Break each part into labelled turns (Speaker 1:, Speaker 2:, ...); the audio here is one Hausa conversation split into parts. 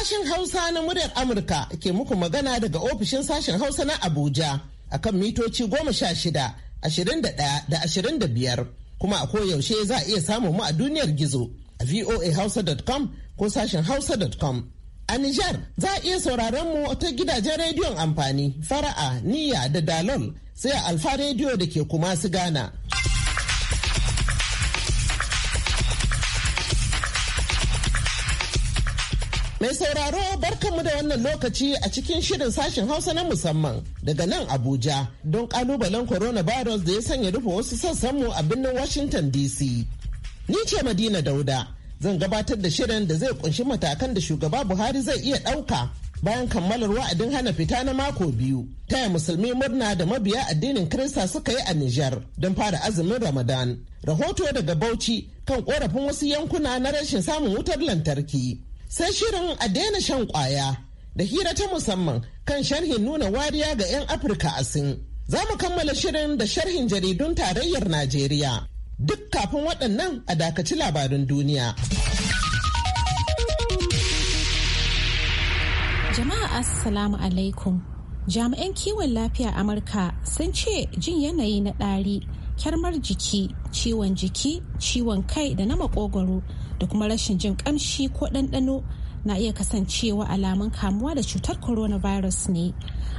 Speaker 1: Sashen Hausa na muryar Amurka ke muku magana daga ofishin sashen Hausa na Abuja akan mitoci goma sha shida, ashirin da ɗaya da ashirin da biyar. Kuma a koyaushe za a iya samun mu a duniyar gizo a voahausa.com ko sashen hausa.com. A Nijar za a iya sauraron mu ta gidajen rediyon amfani, fara'a, niyya da dalol sai a alfa rediyo da ke kuma su gana. Mai sauraro barkanmu da wannan lokaci a cikin shirin sashen Hausa na musamman daga nan Abuja don kalubalen coronavirus da ya sanya rufe wasu sassan mu a birnin Washington DC. Ni ce Madina Dauda zan gabatar da shirin da zai kunshi matakan da shugaba Buhari zai iya ɗauka bayan kammalar wa'adin hana fita na mako biyu. Taya musulmi murna da mabiya addinin Kirista suka yi a Nijar don fara azumin Ramadan. Rahoto daga Bauchi kan korafin wasu yankuna na rashin samun wutar lantarki. sai shirin a daina shan kwaya da hira ta musamman kan sharhin nuna wariya ga 'yan afirka a sin za mu kammala shirin da sharhin jaridun tarayyar najeriya duk kafin waɗannan a dakaci labarin duniya
Speaker 2: jama'a assalamu alaikum jami'an kiwon lafiya amurka sun ce jin yanayi na ɗari kyarmar jiki ciwon jiki ciwon kai da na maƙogwaro. da kuma rashin jin kamshi ko ɗanɗano na iya kasancewa alamun kamuwa da cutar coronavirus ne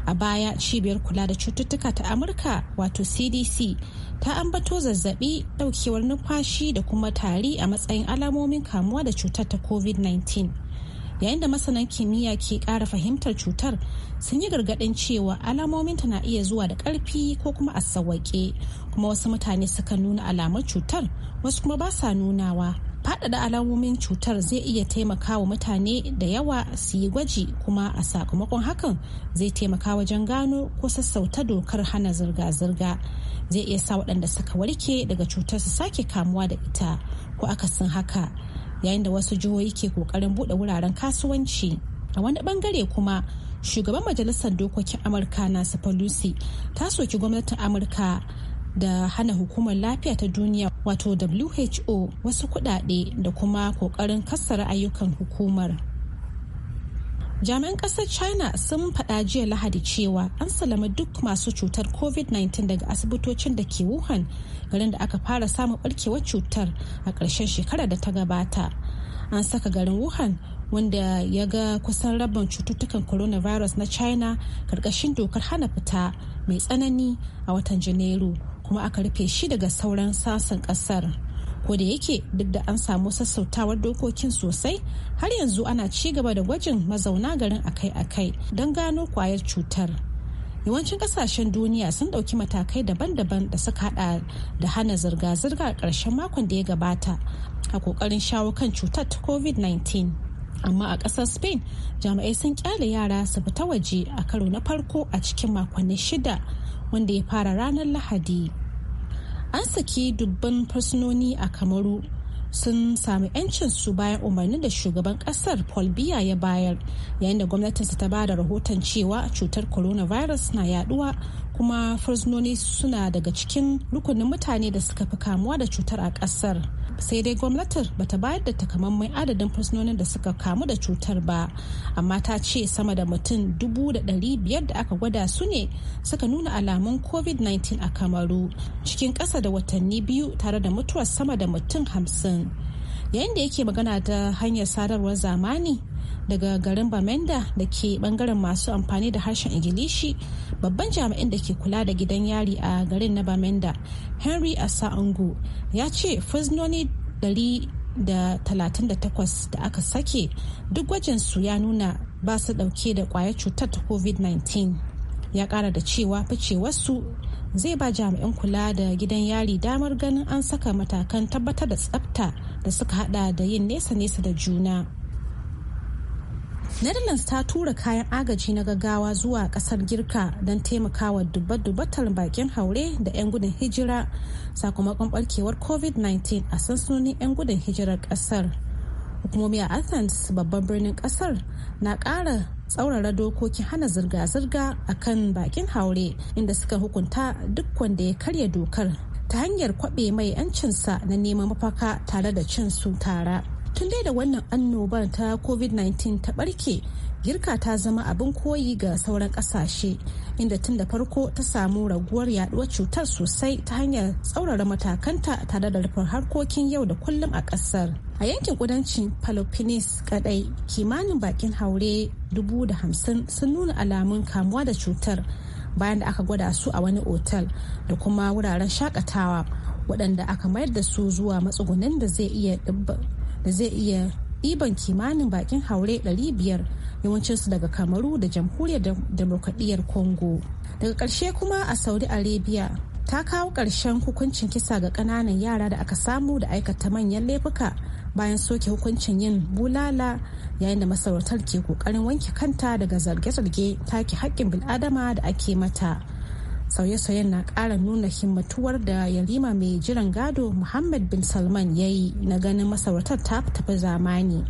Speaker 2: a baya cibiyar kula da cututtuka ta amurka wato cdc ta ambato zazzabi daukewar numfashi da kuma tari a matsayin alamomin kamuwa da cutar ta covid-19 yayin da masanan kimiyya ke kara fahimtar cutar sun yi gargadin cewa alamominta na iya zuwa da ƙarfi ko kuma a sawwake kuma wasu mutane suka nuna alamar cutar wasu kuma ba sa nunawa faɗaɗa alamomin cutar zai iya taimaka wa mutane da yawa su yi gwaji kuma a sakamakon hakan zai taimaka wajen gano ko sassauta dokar hana zirga-zirga zai iya sa waɗanda suka warke daga cutar su sake kamuwa da ita ko akasin haka yayin da wasu jihohi ke kokarin buɗe wuraren kasuwanci a wani bangare kuma shugaban majalisar dokokin amurka nasu pelosi ta soki gwamnatin amurka da hana hukumar lafiya ta duniya wato who wasu kudade da kuma kokarin kassara ayyukan hukumar jami'an kasar china sun faɗa jiya lahadi cewa an salama duk masu cutar covid-19 daga asibitocin da ke wuhan garin da aka fara samun barkewar cutar a ƙarshen shekarar da ta gabata an saka garin wuhan wanda ya ga kusan rabin cututtukan coronavirus na china ƙarƙashin dokar hana fita mai tsanani a watan janairu kuma aka rufe shi daga sauran sassan kasar ko da yake duk da an samu sassautawar dokokin sosai har yanzu ana ci gaba da gwajin mazauna garin akai-akai don gano kwayar cutar yawancin kasashen duniya sun ɗauki matakai daban-daban da suka hada da hana zirga-zirga a ƙarshen makon da ya gabata a ƙoƙarin shawo kan cutar ta covid-19 amma a ƙasar spain jami'ai sun kyale yara su fita waje a karo na farko a cikin makonni shida wanda ya fara ranar lahadi an saki dubban fursunoni a kamaru sun sami su bayan umarnin da shugaban kasar paul biya ya bayar yayin da gwamnatinsa ta ba da rahoton cewa cutar coronavirus na yaduwa kuma fursunoni suna daga cikin rukunin mutane da suka fi kamuwa da cutar a kasar sai dai gwamnatin bata bayar da takamaiman adadin fursunonin da suka kamu da cutar ba amma ta ce sama da mutum dubu da biyar da aka gwada su ne suka nuna alamun covid-19 a kamaru cikin ƙasa da watanni biyu tare da mutuwar sama da mutum hamsin yayin da yake magana da hanyar sadarwar zamani daga garin Bamenda da ke bangaren masu amfani da harshen Ingilishi babban jami'in da ke kula da gidan yari a garin na Bamenda Henry Asa'angu ya ce fuznoni 138 da aka sake duk su ya nuna ba su dauke da kwayar cutar ta COVID-19. Ya kara da cewa fice wasu zai ba jami'in kula da gidan yari damar ganin an saka matakan tabbatar da tsabta da suka hada da yin nesa-nesa da juna. netherlands ta tura kayan agaji na gaggawa zuwa kasar girka don taimakawa dubbe-dubbatar bakin haure da 'yan gudun hijira sakamakon barkewar covid-19 a sansanonin 'yan gudun hijirar kasar hukumomi a athens babban birnin kasar na kara tsaurara dokokin hana zirga-zirga a kan bakin haure inda suka hukunta duk wanda ya karya dokar ta hanyar kwabe mai 'yancinsa na neman mafaka tare da cin su tara tun dai da wannan annobar ta covid-19 ta barke girka ta zama abin koyi ga sauran kasashe inda tun da farko ta samu raguwar yaduwar cutar sosai ta hanyar tsaurara matakanta tare da rufin harkokin yau da kullum a kasar a yankin kudancin pelopines kadai kimanin bakin haure dubu sun nuna alamun kamuwa da cutar bayan da aka gwada su a wani otal da kuma wuraren shakatawa waɗanda aka mayar da su zuwa matsugunan da zai iya da zai iya ɗiban kimanin bakin haure 500 yawancinsu daga kamaru da jamhuriyar demokradiyyar congo daga ƙarshe kuma a saudi arabia ta kawo ƙarshen hukuncin kisa ga ƙananan yara da aka samu da aikata manyan laifuka bayan soke hukuncin yin bulala yayin da masarautar ke ƙoƙarin wanke kanta daga zarge-zarge take haƙƙin bil'adama da ake mata sauye-sauyen na ƙara nuna himmatuwar da yarima mai jiran gado muhammad bin salman ya yi na ganin masarautar ta tafi zamani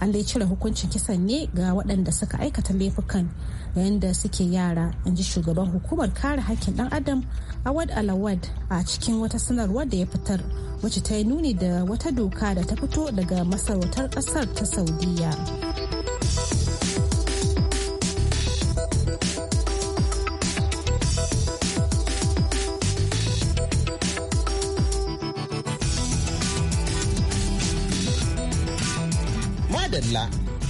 Speaker 2: an dai cire hukuncin kisan ne ga waɗanda suka aikata laifukan yayin da suke yara in ji shugaban hukumar kare hakkin ɗan adam awad alawad a cikin wata sanarwar da ya fitar wacce ta yi nuni da wata doka da ta fito daga masarautar ƙasar ta saudiya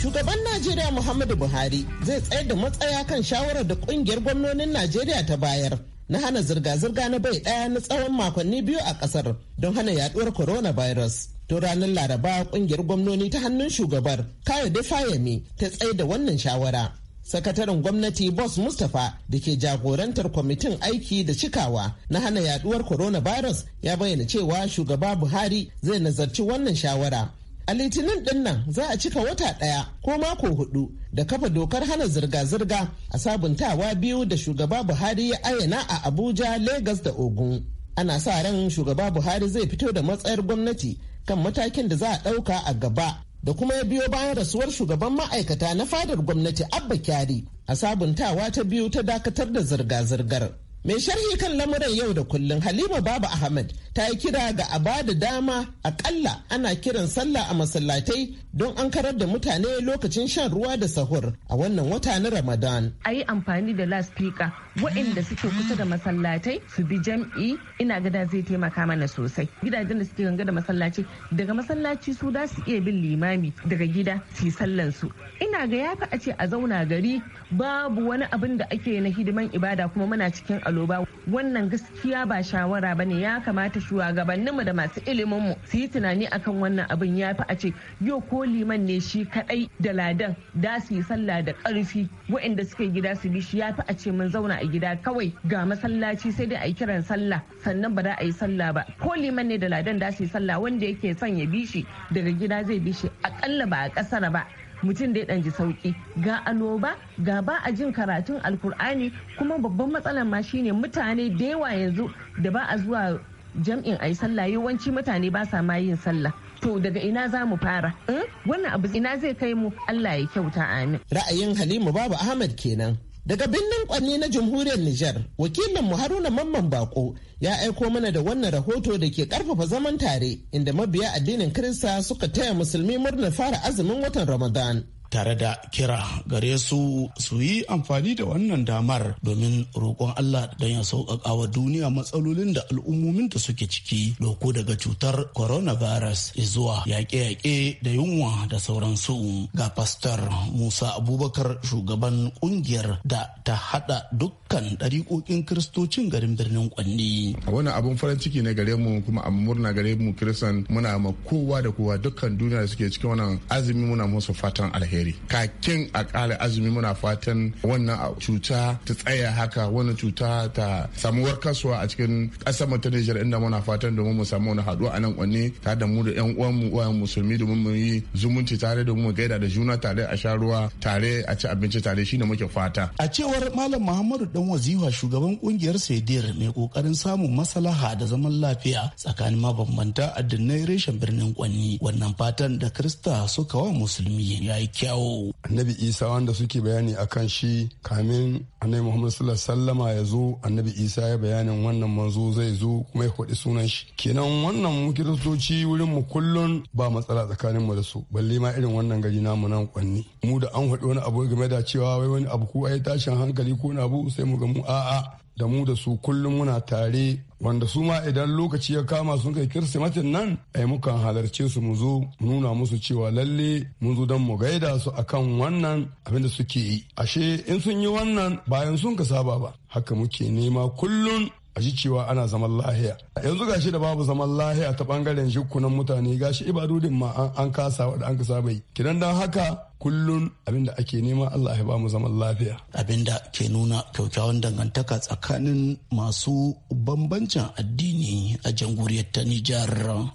Speaker 1: Shugaban Najeriya Muhammadu Buhari zai tsayar da matsaya kan shawarar da kungiyar gwamnonin Najeriya ta bayar na hana zirga-zirga na bai ɗaya na tsawon makonni biyu a ƙasar don hana yaduwar coronavirus. To ranar Laraba kungiyar gwamnoni ta hannun shugabar Kayode Fayemi ta tsaye da wannan shawara. sakataren gwamnati boss mustapha da ke jagorantar kwamitin aiki da cikawa na hana yaduwar coronavirus ya bayyana cewa shugaba buhari zai nazarci wannan shawara A litinin din za a cika wata ɗaya ko mako hudu da kafa dokar hana zirga-zirga a sabuntawa biyu da shugaba Buhari ya ayyana a Abuja, Legas da Ogun. Ana sa ran shugaba Buhari zai fito da matsayar gwamnati kan matakin da za a ɗauka a gaba da kuma ya biyo bayan rasuwar shugaban ma'aikata na fadar gwamnati Abba Kyari a sabuntawa ta biyu ta dakatar da zirga-zirgar. Mai sharhi kan lamuran yau da kullum Halima babu Ahmad ta yi kira ga a ba da dama akalla ana kiran sallah a masallatai don an karar da mutane lokacin shan ruwa da sahur a wannan wata na Ramadan.
Speaker 3: A yi amfani da laspika waɗanda suke kusa da masallatai su bi jam'i ina gada zai taimaka mana sosai. Gidajen da suke ganga da masallaci daga masallaci su za su iya bin limami daga gida su sallan su Ina ga fi a ce a zauna gari babu wani abin da ake na hidiman ibada kuma muna cikin tsaro ba wannan gaskiya ba shawara ba ne ya kamata shugabanninmu da masu iliminmu su yi tunani akan wannan abin ya fi a ce yau ko liman ne shi kadai da ladan da su yi sallah da karfi waɗanda suke gida su bi shi ya fi a ce mun zauna a gida kawai ga masallaci sai dai a yi kiran sallah sannan ba za a yi sallah ba ko liman ne da ladan da su yi sallah wanda yake son ya bi shi daga gida zai bi shi akalla ba a kasara ba mutum dai ɗan ji sauƙi ga anoba ga ba a jin karatun alkur'ani kuma babban matsalar ma shine mutane da yawa yanzu da ba a zuwa jam'in ayi sallah yawanci mutane ba sa ma yin sallah to daga ina za mu fara hmm? wannan abu ina zai kai mu Allah ya kyauta amin
Speaker 1: ra'ayin Halima babu Ahmad kenan Daga birnin kwanni na jamhuriyar Nijar, wakilin Haruna Mamman Bako ya aiko mana da wannan rahoto da ke karfafa zaman tare inda mabiya addinin Kirista suka taya musulmi murnar fara azumin watan Ramadan. tare da kira gare su su yi amfani da wannan damar domin roƙon Allah don ya sauƙaƙa wa duniya matsalolin da al'ummomin da suke ciki doko daga cutar coronavirus zuwa
Speaker 4: yaƙe-yaƙe
Speaker 1: da yunwa da sauran su ga pastor Musa Abubakar shugaban ƙungiyar
Speaker 5: da ta haɗa dukkan ɗariƙoƙin kiristocin garin birnin Kwanni. Wani abun farin ciki ne gare mu kuma a murna gare mu kiristan muna ma kowa da kowa dukkan duniya da suke cikin wannan azumi muna musu fatan alheri. gari kakin a kala azumi muna fatan wannan cuta ta tsaya haka wannan cuta ta samu warkaswa a cikin ƙasar mu ta Nijar inda muna fatan domin mu samu wani haduwa a nan kwanne ta da mu da 'yan uwan mu uwan musulmi domin mu yi zumunci tare domin mu gaida da juna tare a sha ruwa tare a ci abinci tare shine muke fata.
Speaker 1: A cewar Malam Muhammadu Dan Waziwa shugaban kungiyar Sedir mai kokarin samun maslaha
Speaker 3: da zaman lafiya tsakanin mabambanta addinai reshen birnin Kwanni wannan fatan da Krista suka wa musulmi yayi yi kyau. yawo. annabi isa wanda suke bayani a kan shi kamin annabi muhammad sallallahu sallama ya zo annabi isa ya bayanin wannan manzo zai zo kuma ya faɗi sunan shi kenan wannan mu kiristoci wurin mu kullun ba matsala tsakanin mu da su balle ma irin wannan gari namu nan kwanni mu da an faɗi wani abu game da cewa wai wani abu ko ai tashin hankali ko na abu sai mu ga mu a'a da mu da su kullum muna tare wanda su ma idan lokaci ya kama sun kai kirsimatin nan ai mukan halarce su mu zo nuna musu cewa lalle mun zo don mu gaida su akan wannan abin da suke yi ashe in sun yi wannan bayan sun ka saba ba haka muke nema kullum a ji cewa ana zaman lahiya yanzu gashi da babu zaman lahiya ta bangaren shukunan mutane gashi ibadodin ma an kasa da an kasa bai kidan dan haka kullun abinda ake nema Allah ya ba mu zaman lafiya abinda ke nuna kyaukyawan dangantaka tsakanin masu bambancin
Speaker 1: addini a jamhuriyar ta Nijar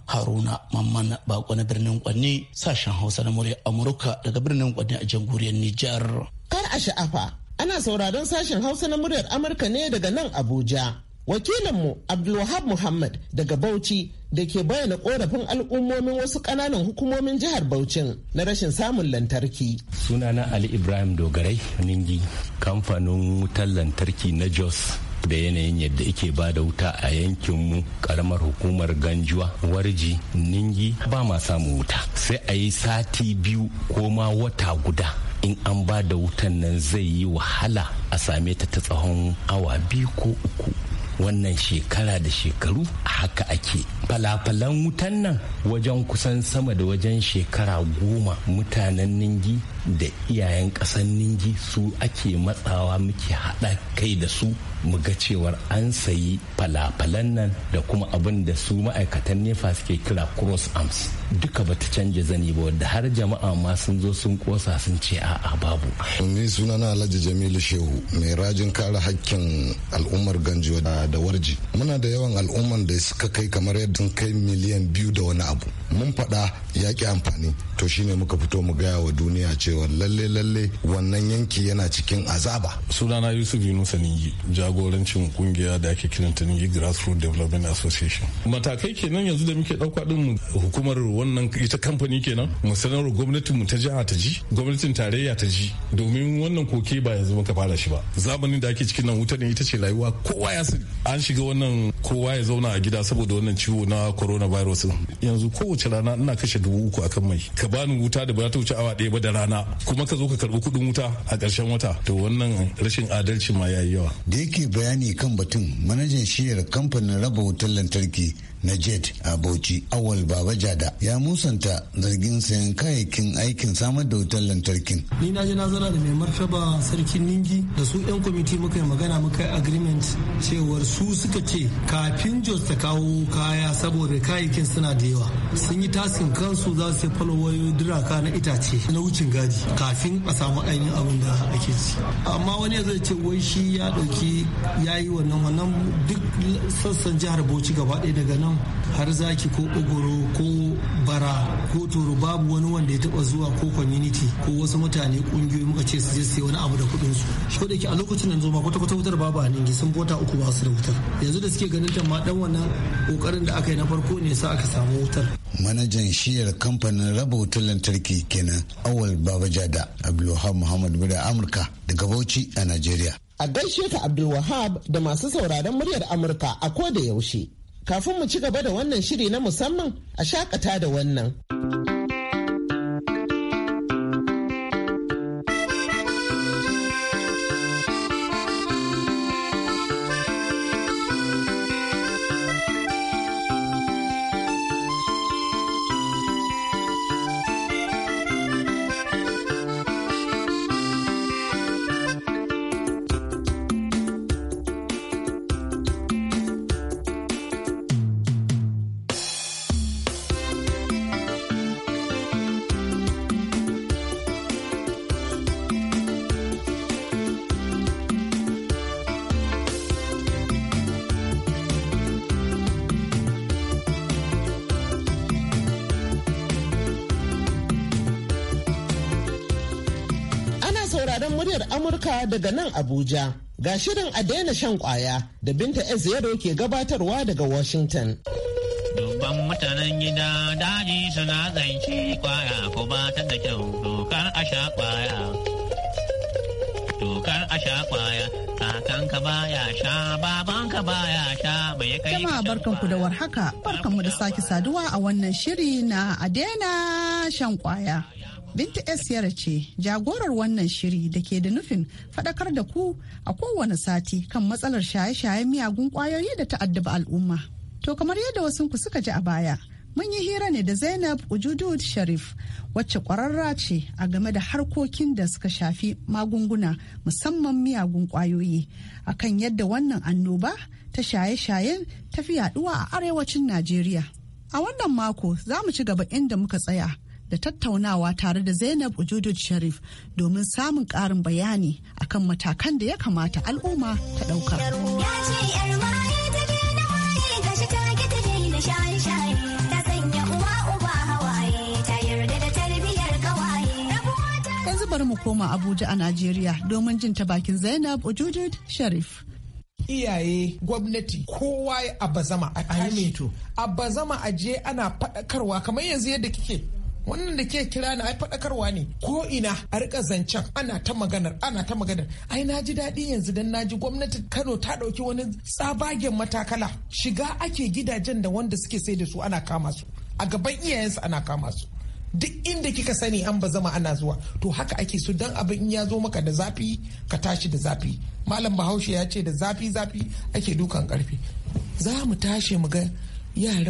Speaker 1: Haruna Mamman Bako na birnin Kwanne sashen Hausa na murya Amurka daga birnin Kwanne a jamhuriyar Nijar kar a sha'afa ana sauraron sashen Hausa na muryar Amurka ne daga nan Abuja wakilinmu abdulwahab muhammad daga bauchi da ke bayyana korafin al'ummomin wasu kananan hukumomin jihar bauchi na rashin samun lantarki.
Speaker 5: Sunana Ali Ibrahim Dogarai Ningi kamfanin wutar lantarki na Jos da yanayin yadda ike ba da wuta a yankinmu karamar hukumar ganjuwa warji ningi ba ma samun wuta sai a yi sati biyu ko ma wata guda in an ba da wutan nan zai yi wahala a same ta ta tsawon awa biyu ko uku wannan shekara da shekaru haka ake falafalan wutan nan wajen kusan sama da wajen shekara goma mutanen ningi da iyayen ƙasan ningi su ake matsawa muke haɗa kai da su mu ga cewar an sayi falafalan nan da kuma abin da su ma'aikatan nefa suke kira cross arms duka bata canja zani ba wadda har jama'a ma sun zo sun kosa sun ce a'a babu ni suna na alhaji jamilu
Speaker 1: shehu mai rajin kare hakkin al'ummar ganjo da warji muna da yawan al'ummar da suka kai kamar yadda kai miliyan biyu da wani abu mun faɗa yaƙi amfani
Speaker 5: to shine muka fito mu gaya wa duniya cewa lalle lalle wannan yanki yana cikin azaba sunana yusuf yunusa ningi jagorancin kungiya da ake kiranta ningi grassroots development association matakai kenan yanzu da muke ɗauka ɗin hukumar wannan ita kamfani kenan mu sanarwa gwamnatin mu ta jiha ta ji gwamnatin tarayya ta ji domin wannan koke ba yanzu muka fara shi ba zamanin da ake cikin nan wuta ne ita ce rayuwa kowa ya sani an shiga wannan kowa ya zauna a gida saboda wannan ciwo na coronavirus yanzu kowace rana ina kashe dubu uku akan mai ka bani wuta da ba ta wuce awa ɗaya ba da rana kuma ka zo ka karɓi kuɗin wuta a ƙarshen wata to wannan
Speaker 1: rashin adalci ma yayi yawa da yake bayani kan batun manajan shiyar kamfanin raba wutar lantarki na jet a bauchi awal baba jada ya musanta zargin sayan kayayyakin aikin samar da wutar lantarkin
Speaker 5: ni na ji na da mai martaba sarkin ningi
Speaker 6: da su yan kwamiti muka yi magana muka yi agreement cewar su suka ce kafin jos ta kawo kaya saboda kayayyakin suna da yawa sun yi tasin kansu za su wayo diraka na itace na wucin gadi kafin a samu ainihin abin da ake ci amma wani ya zai ce wai shi ya dauki ya yi wannan wannan duk sassan jihar bauchi gaba ɗaya daga nan nan har zaki ko ogoro ko bara ko toro babu wani wanda ya taba zuwa ko community ko wasu mutane kungiyoyi muka ce su je su wani abu da kuɗin su ko da ke a lokacin yanzu ma kwata kwata wutar babu a ningi sun bota uku ba su da wutar yanzu da suke ganin ta ma dan wannan kokarin da aka yi na farko ne sa aka samu wutar
Speaker 1: manajan shiyar kamfanin raba wutar lantarki kenan awal babajada abdulwahab muhammad bida amurka daga bauchi a nigeria. a gaishe ka abdulwahab da masu sauraron muryar amurka a ko da yaushe Kafin mu ci gaba da wannan shiri na musamman a shakata da wannan. muryar Amurka daga nan Abuja. Ga shirin a daina shan kwaya da Binta Ezero ke gabatarwa daga Washington.
Speaker 3: Dubban mutanen gida daji suna zance kwaya ko ba ta da kyau dokar a sha Dokar a sha kwaya ɗanka baya sha babanka baya sha bai kai jama'a
Speaker 7: barkanku da warhaka barkan mu da sake saduwa a wannan shiri na adena shan kwaya Binta S yara ce jagorar wannan shiri da ke da nufin faɗakar da ku a kowane sati kan matsalar shaye-shayen miyagun kwayoyi da ta'addaba al'umma. To kamar yadda wasu ku suka ji a baya, mun yi hira ne da zainab ujudud sharif wacce kwararra ce a game da harkokin da suka shafi magunguna musamman miyagun kwayoyi akan yadda wannan annoba ta shaye-shayen tafi yaduwa a arewacin najeriya a wannan mako za mu ci gaba inda muka tsaya da tattaunawa tare da zainab ujudud sharif domin samun karin bayani akan matakan da ya kamata al'umma ta ɗauka. bari mu koma Abuja a Najeriya domin jin ta bakin Zainab Ojojud Sharif. iyaye gwamnati kowa ya abazama a
Speaker 4: tashi abazama a je ana faɗakarwa kamar yanzu yadda kike wannan da ke kira na ai faɗakarwa ne ko ina a rika zancen ana ta maganar ana ta maganar ai na ji daɗi yanzu dan na ji gwamnatin kano ta ɗauki wani tsabagen matakala shiga ake gidajen da wanda suke sai da su ana kama su a gaban iyayensu ana kama su duk inda kika sani an ba zama ana zuwa to haka ake so dan abin in ya zo maka da zafi ka tashi da zafi malam bahaushe ya ce da zafi zafi ake dukan karfe za mu tashi mu ga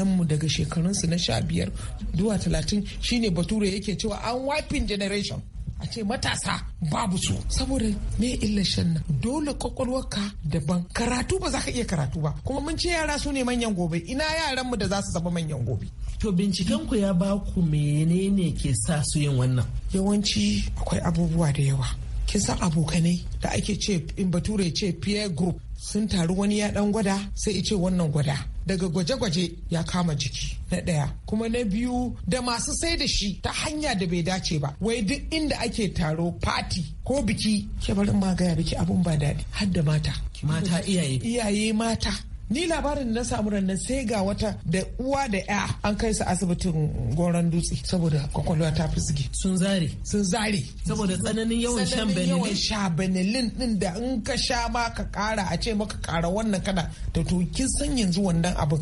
Speaker 4: mu daga shekarunsu na sha biyar zuwa talatin shine bature yake cewa an wiping generation a ce matasa babu su saboda me illar shan nan dole kwakwalwarka daban karatu ba za ka iya karatu ba kuma mun ce yara su ne manyan gobe ina yaran mu da za su zama manyan gobe to binciken ku ya ba ku menene ke sa su yin wannan yawanci akwai abubuwa da yawa kin san abokanai da ake ce in bature ce peer group sun taru wani ya dan gwada sai ice wannan gwada daga gwaje-gwaje ya kama jiki na ɗaya kuma na biyu da masu sai da shi ta hanya da bai dace ba wai duk inda ake taro fati ko biki ke barin ma gaya biki abun ba daɗi har da mata mata iyaye iyaye mata ni labarin na samu nan sai ga wata da uwa da ya an kai su asibitin goron dutse saboda kwakwalwa ta fizgi sun zare sun zare saboda tsananin yawan shan benelin yawan sha benelin din da in ka sha ma ka kara a ce maka kara wannan kana to to kin san yanzu wannan abin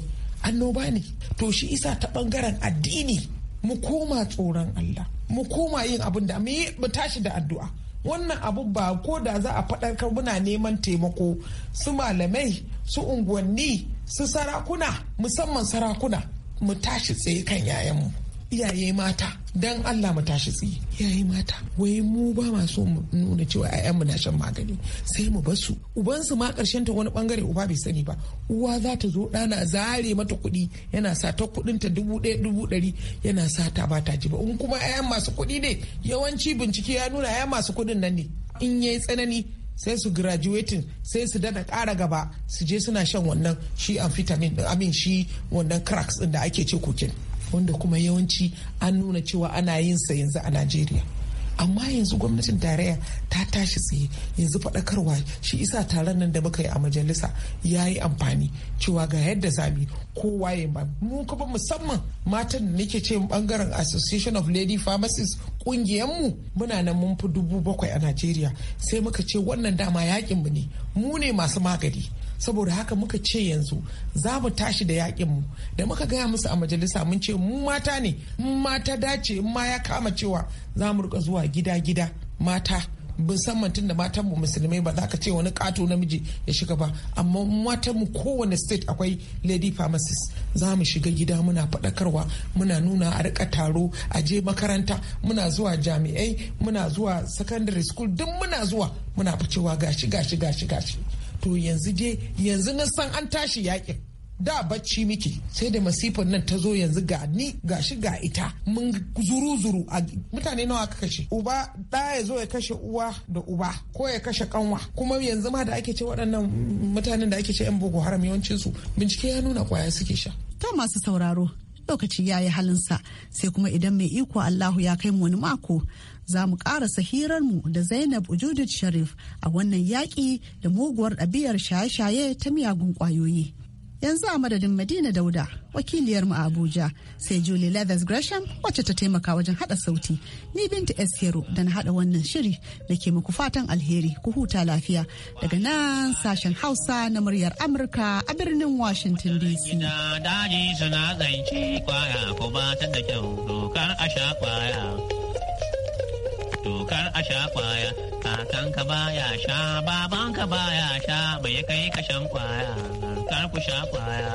Speaker 4: annoba ne to shi isa ta bangaren addini mu koma tsoron Allah mu koma yin abin da mu tashi da addu'a wannan abu ba ko da za a faɗarkar muna neman taimako su malamai su unguwanni su sarakuna musamman sarakuna mu tashi tsaye kan yayanmu iyaye mata dan Allah mu tashi tsiye iyaye mata wai mu ba ma mu nuna cewa mu na shan magani sai mu basu ubansu ma karshen ta wani bangare uba bai sani ba uwa za ta zo ɗana zare mata kuɗi yana sa ta kuɗin ta dubu ɗaya dubu ɗari yana sata ta ba ta ji ba in kuma ƴaƴan masu kuɗi ne yawanci bincike ya nuna ƴaƴan masu kuɗin nan ne in yayi tsanani sai su graduating sai su dada kara gaba su je suna shan wannan shi amphetamine amin shi wannan cracks din da ake ce kokin wanda kuma yawanci an nuna cewa ana yin sa yanzu a najeriya amma yanzu gwamnatin tarayya ta tashi tsaye yanzu faɗakarwa shi isa taron nan da muka yi a majalisa ya yi amfani cewa ga yadda zabi kowa ya ba mu kuma musamman matan da nake ce bangaren association of lady pharmacists mu muna nan mun fi dubu bakwai a najeriya sai muka ce wannan dama yakin mu ne mu ne masu magani saboda haka muka ce yanzu za mu tashi da yakin mu da muka gaya musu a majalisa mun ce mu mata ne mun mata dace ma ya kama cewa za mu rika zuwa gida gida mata musamman tun da matan mu musulmai ba za ka ce wani kato namiji ya shiga ba amma matan mu kowane state akwai lady pharmacist za mu shiga gida muna faɗakarwa muna nuna a rika taro a je makaranta muna zuwa jami'ai muna zuwa secondary school duk muna zuwa muna ficewa gashi gashi gashi gashi to yanzu dai yanzu na san an tashi yakin da bacci muke sai da masifan nan ta zo yanzu ga ni ga shi ga ita mun zuru zuru a mutane nawa aka kashe uba da ya zo ya kashe uwa da uba ko ya kashe kanwa kuma yanzu ma da ake ce waɗannan mutanen da ake ce yan boko haram yawancin su bincike ya nuna kwaya suke
Speaker 7: sha ta masu sauraro lokaci ya yi sa sai kuma idan mai iko allahu ya kai mu wani mako za mu hirar hirarmu da Zainab Judith Sharif a wannan yaƙi da muguwar ɗabi'ar shaye-shaye ta miyagun ƙwayoyi. Yanzu a madadin Madina Dauda, wakiliyarmu a Abuja, sai Julie Leathers Gresham wacce ta taimaka wajen haɗa sauti. Ni Binta eskero da na haɗa wannan shiri da ke muku fatan alheri ku huta lafiya daga nan sashen Hausa na muryar Amurka a birnin Washington DC.
Speaker 3: daji suna kwaya ko ba kyau dokar a sha kwaya. tokar a sha kwaya kakanka baya sha babanka baya sha bai kai ka shan kwaya kar ku sha kwaya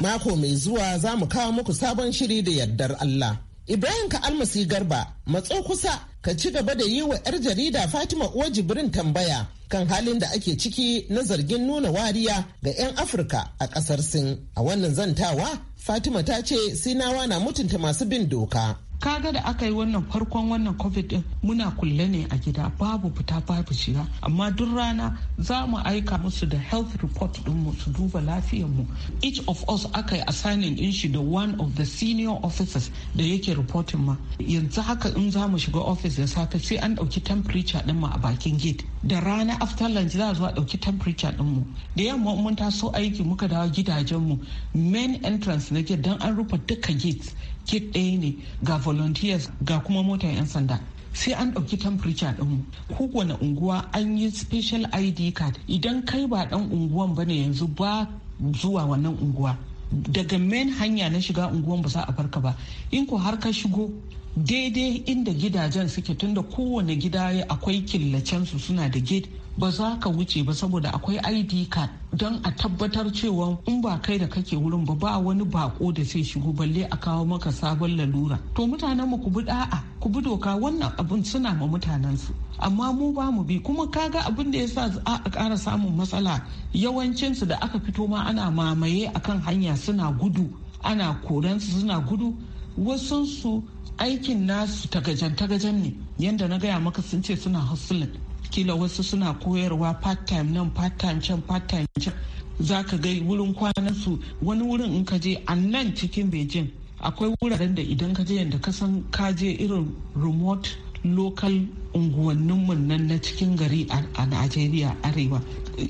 Speaker 1: Mako mai zuwa za mu kawo muku sabon shiri da yardar Allah. Ibrahim ka almasi Garba, matso kusa ka ci gaba da yi wa 'yar jarida Fatima Uwa Jibrin tambaya kan halin da ake ciki na zargin nuna wariya ga 'yan Afirka a kasar Sin. A wannan zantawa, Fatima ta ce Sinawa na mutunta masu bin doka.
Speaker 6: kaga da aka yi wannan farkon wannan covid din muna kulle ne a gida babu fita babu shiga amma duk rana za mu aika musu da health report din su duba lafiyar mu each of us aka yi assigning din shi da one of the senior officers da yake reporting ma yanzu haka in za mu shiga office ofis da safe sai an ɗauki temperature ɗin mu a bakin gate da rana after lunch za a zo a ɗauki temperature ɗinmu mu da yamma mun taso aiki muka dawo gidajen mu main entrance na gate dan an rufe duka gate gate ɗaya ne ga volunteers ga kuma motar 'yan sanda sai an ɗauki temperature ɗinmu kowane unguwa an yi special id card idan kai ba dan unguwan bane yanzu ba zuwa wannan unguwa daga main hanya na shiga unguwan ba za a farka ba in ko har ka shigo daidai inda gidajen suke tunda kowane gida akwai killacensu suna da gate ba za ka wuce ba saboda akwai id card don a tabbatar cewa in ba kai da kake wurin ba ba wani bako da zai shigo balle a kawo maka sabon lalura to mutanen mu ku bi da'a ku bi doka wannan abin suna ma mutanen su amma mu ba mu bi kuma kaga abin da yasa a ƙara samun matsala yawancin su da aka fito ma ana mamaye akan hanya suna gudu ana koransu suna gudu wasu su aikin nasu tagajen tagajen ne yadda na gaya maka sun ce suna hustling kila wasu suna koyarwa part time nan part time can part time can za ka ga wurin kwanansu wani wurin in ka je a nan cikin beijing akwai wuraren da idan ka je yadda ka san ka je irin remote local unguwanninmu nan na cikin gari a nigeria arewa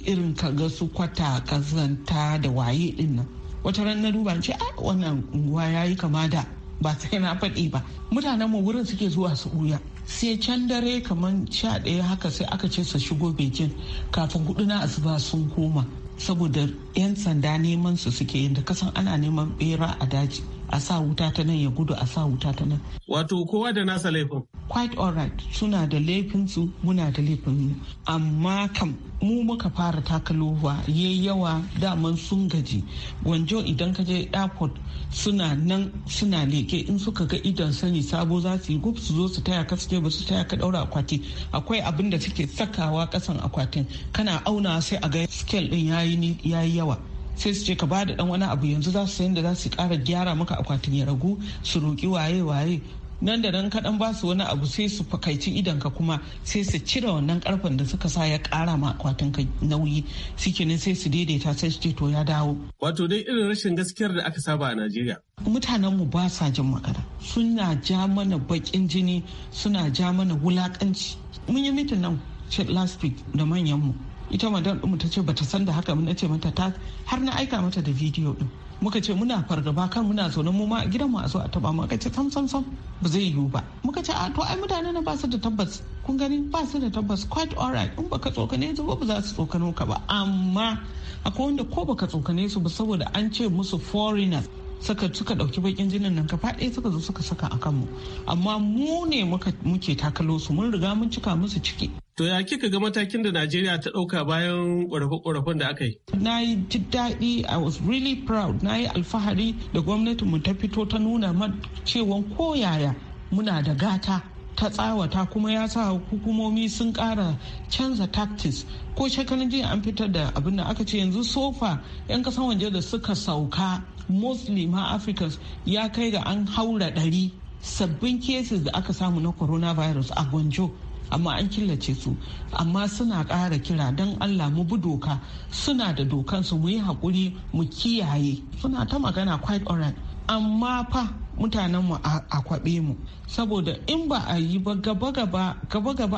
Speaker 6: irin ka ga su kwata kazanta da waye din nan wata ran na duba ce a ah, wannan unguwa ya yi kama da ba sai na faɗi ba mutanen mu wurin suke zuwa su uya sai can dare kamar sha ɗaya haka sai aka ce su shigo beijing kafin hudu na asuba sun koma saboda 'yan sanda neman su suke yin da kasan ana neman bera a daji a sa wuta ta nan ya gudu a sa wuta ta nan.
Speaker 5: Wato kowa da nasa laifin?
Speaker 6: Quite alright suna da laifinsu muna da laifin mu amma kam mu muka fara takalowa ya yawa daman sun gaji wanjo idan ka je airport suna nan suna leke in suka ga idon sani sabo za su yi gub su zo su taya ka su ba su taya ka daura akwati akwai abin da suke sakawa kasan akwatin kana auna sai a ga scale din yayi yawa sai su ce ka ba da dan wani abu yanzu za su sayin da za su kara gyara maka akwatin ya ragu su roki waye waye nan da nan kaɗan ba su wani abu sai su fakaici idanka kuma sai su cire wannan karfen da suka sa ya kara ma akwatin ka nauyi sikinin sai su daidaita sai su ce to ya dawo.
Speaker 5: Wato dai irin rashin gaskiyar da aka saba a Najeriya.
Speaker 6: Mutanen mu ba sa jin magana suna ja mana baƙin jini suna ja mana wulaƙanci. Mun yi mitin nan last week da manyan mu ita madam ɗin ta ce bata san da haka mun ce mata ta har na aika mata da bidiyo ɗin muka ce muna fargaba kan muna zaune mu ma gidan mu a zo a taba mu ka ce sam sam sam ba zai yiwu ba muka ce a to ai mutane na ba su da tabbas kun gani ba su da tabbas quite alright in baka tsokane su ba za su tsokano ka ba amma akwai wanda ko baka tsokane su ba saboda an ce musu foreigners suka suka dauki bakin jinin nan ka ɗaya suka zo suka saka a kanmu amma mu ne muke takalo su mun riga mun cika musu ciki To ya kika ga matakin da Najeriya ta ɗauka bayan ƙorafe-ƙorafen da aka yi? Na yi ji daɗi, I was really proud, na yi alfahari da gwamnati mu ta fito ta nuna cewa ko yaya muna da gata ta tsawata kuma ya sa hukumomi sun kara canza tactics ko shekarun jiya an fitar da abin da aka ce yanzu sofa 'yan kasan waje da suka sauka mostly ma africa ya kai ga an haura ɗari sabbin cases da aka samu na coronavirus a gwanjo amma an killace su amma suna ƙara kira don allah mu bi doka suna da dokansu mu yi haƙuri mu kiyaye suna ta magana quite alright amma fa mutanenmu a kwaɓe mu saboda in ba a yi ba gaba-gaba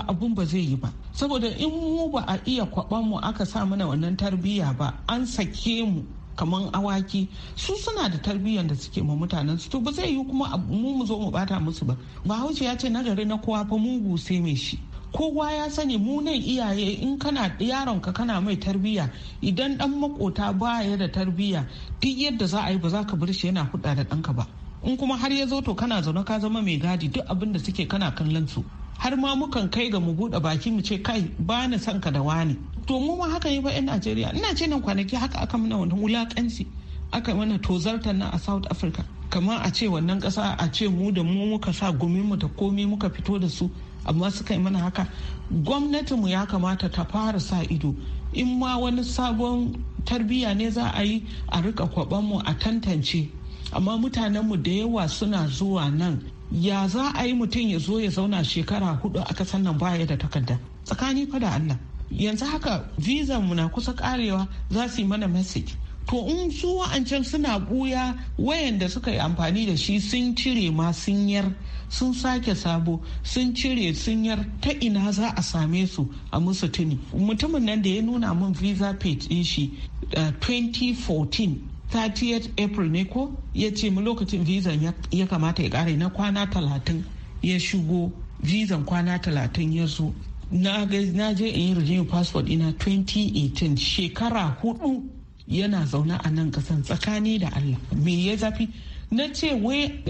Speaker 6: abun ba zai yi ba saboda in mu ba a iya kwaɓan mu aka sa mana wannan tarbiyya ba an sake mu kamar awaki su suna da tarbiyyar da suke ma mutanen su to ba zai yi kuma mu mu zo mu bata musu ba bahaushe ya ce na gari na kowa fa mugu sai mai shi kowa ya sani mu nan iyaye in kana yaronka kana mai tarbiyya idan dan makota baya da tarbiyya duk yadda za a yi ba za ka bar shi yana hudda da danka ba in kuma har ya zo to kana zaune ka zama mai gadi duk abin da suke kana kallon su har ma mukan kai ga mu buɗe baki mu ce kai ba na son ka da wani to mu ma haka yi ba 'yan najeriya ina ce nan kwanaki haka aka mana wani wulakanci aka mana tozartar nan a south africa kama a ce wannan ƙasa a ce mu da mu muka sa mu da komai muka fito da su amma suka yi mana haka mu ya kamata ta fara sa ido in ma wani sabon tarbiyya ne za a yi a rika kwabanmu a tantance amma mutanenmu da yawa suna zuwa nan ya za a yi mutum ya zo ya zauna shekara hudu a sannan nan baya da takarda tsakani fa da Allah yanzu haka visa mu na kusa karewa za su yi mana message to in su wa'ancan suna buya wayanda suka yi amfani da shi sun cire ma sun yar sun sake sabo sun cire sun yar ta ina za a same su a musu tuni mutumin nan da ya nuna min visa page din shi 2014 eh, 30th april ne ko ya ce mu lokacin visa ya kamata ya kare na kwana talatin ya shigo vizan kwana talatin ya zo na je in yi rijiyar passport ina 2018 shekara hudu yana zaune a nan kasan tsakani da allah me ya zafi na ce wai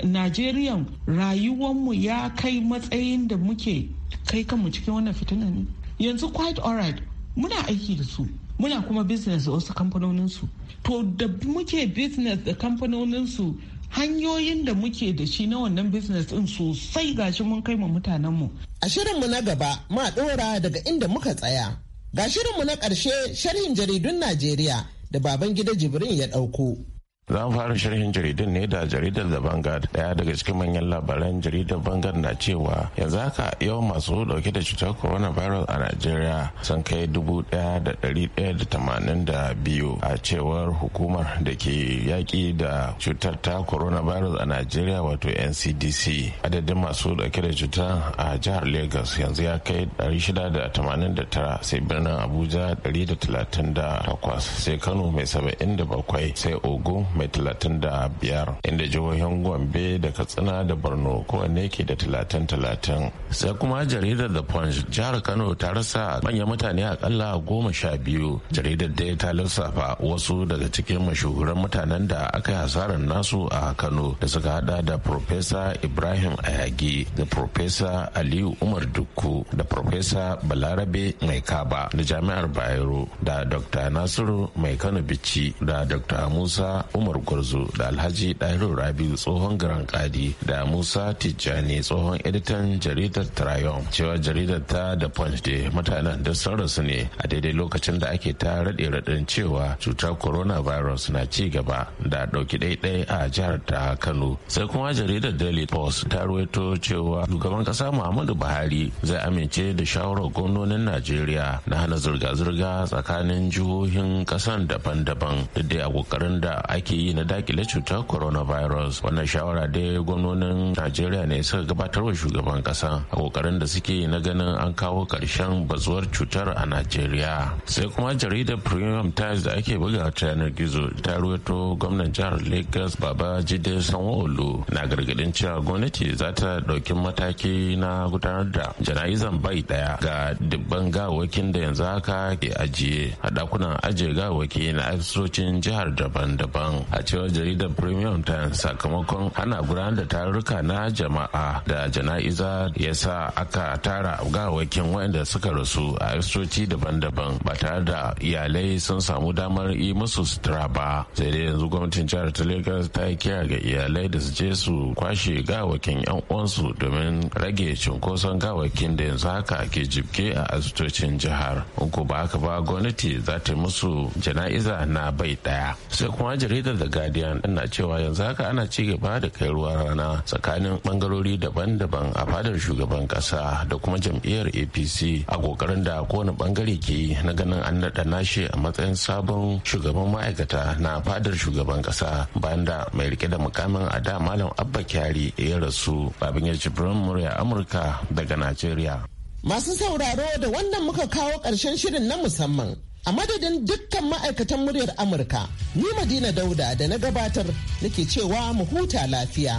Speaker 6: rayuwan mu ya kai matsayin da muke kai kanmu cikin wannan fitina ne yanzu quite alright muna aiki da su muna kuma business da wasu kamfanoninsu to da muke business da kamfanoninsu hanyoyin da muke da shi na wannan business din sosai gashi mun kai mu mutanenmu. a shirinmu na gaba ma ɗora
Speaker 1: daga inda muka tsaya ga shirinmu na ƙarshe sharhin jaridun najeriya da baban gida jibrin ya ɗauko.
Speaker 5: Za mu fara sharhin jaridun ne da jaridar da ɗaya daya daga cikin manyan labaran jaridar Vanguard na cewa yanzu haka yawan masu dauke da cutar corona coronavirus a Najeriya sun kai dubu daya da dari daya da tamanin da biyu a cewar hukumar da ke yaƙi da cutar ta corona virus a Najeriya wato NCDC. Adadin masu dauke da cutar a jihar Lagos yanzu ya kai dari shida da tamanin da tara sai birnin Abuja dari da talatin da takwas sai Kano mai saba'in da bakwai sai Ogun mai 35 inda jihohin gombe da katsina da borno kowanne ke da 30-30 sai kuma jaridar da punch jihar kano ta rasa manyan mutane akalla goma sha biyu jaridar dai ta lissafa wasu daga cikin mashuhuran mutanen da aka yi hasarar nasu a kano da suka hada da profesa ibrahim ayagi da profesa aliyu umar dukku da profesa balarabe mai kaba da jami'ar bayero da dr nasiru mai kano bici da dr musa umar umar gwarzo da alhaji ɗahiru rabiu tsohon garan kadi da musa tijjani tsohon editan jaridar trayon cewa jaridar ta da punch da mutanen da sun ne a daidai lokacin da ake ta raɗe raɗin cewa cutar coronavirus na ci gaba da ɗauki ɗaiɗai a jihar ta kano sai kuma jaridar daily post ta ruwaito cewa shugaban ƙasa muhammadu buhari zai amince da shawarar gwamnonin najeriya na hana zirga-zirga tsakanin jihohin ƙasan daban-daban duk da a kokarin da ake yi na dakile cutar coronavirus wannan shawara dai gwamnonin najeriya ne suka gabatar wa shugaban kasa a kokarin da suke yi na ganin an kawo karshen bazuwar cutar a najeriya sai kuma jaridar premium times da ake buga ta yanar gizo ta ruwato gwamnan jihar lagos baba jide sanwo-olu na gargadin cewa gwamnati za ta ɗauki mataki na gudanar da jana'izan bai daya ga dubban gawakin da yanzu haka ke ajiye a dakunan ajiye gawaki na asusocin jihar daban-daban a cewar jaridar premium times sakamakon ana gudanar da tarurruka na jama'a da jana'iza ya sa aka tara gawakin waɗanda suka rasu a istoci daban-daban ba tare da iyalai sun samu damar yi musu sutura ba sai dai yanzu gwamnatin jihar ta lagos ta yi kira ga iyalai da su je su kwashe gawakin yan uwansu domin rage cunkoson gawakin da yanzu haka ke jibge a asibitocin jihar uku ba haka ba gwamnati za ta musu jana'iza na bai daya sai kuma jaridar jaridar the guardian na cewa yanzu haka ana ci gaba da kai ruwa rana tsakanin bangarori daban-daban a fadar shugaban kasa da kuma jam'iyyar apc a kokarin da kowane bangare ke yi na ganin an naɗa nashi a matsayin sabon shugaban ma'aikata na fadar shugaban kasa bayan da mai rike da mukamin a da malam abba kyari ya rasu babin ya jibrin murya amurka daga najeriya
Speaker 1: masu sauraro da wannan muka kawo ƙarshen shirin na musamman A madadin dukkan ma'aikatan muryar Amurka, ni Madina Dauda da na gabatar nake cewa mu huta lafiya.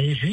Speaker 1: Easy.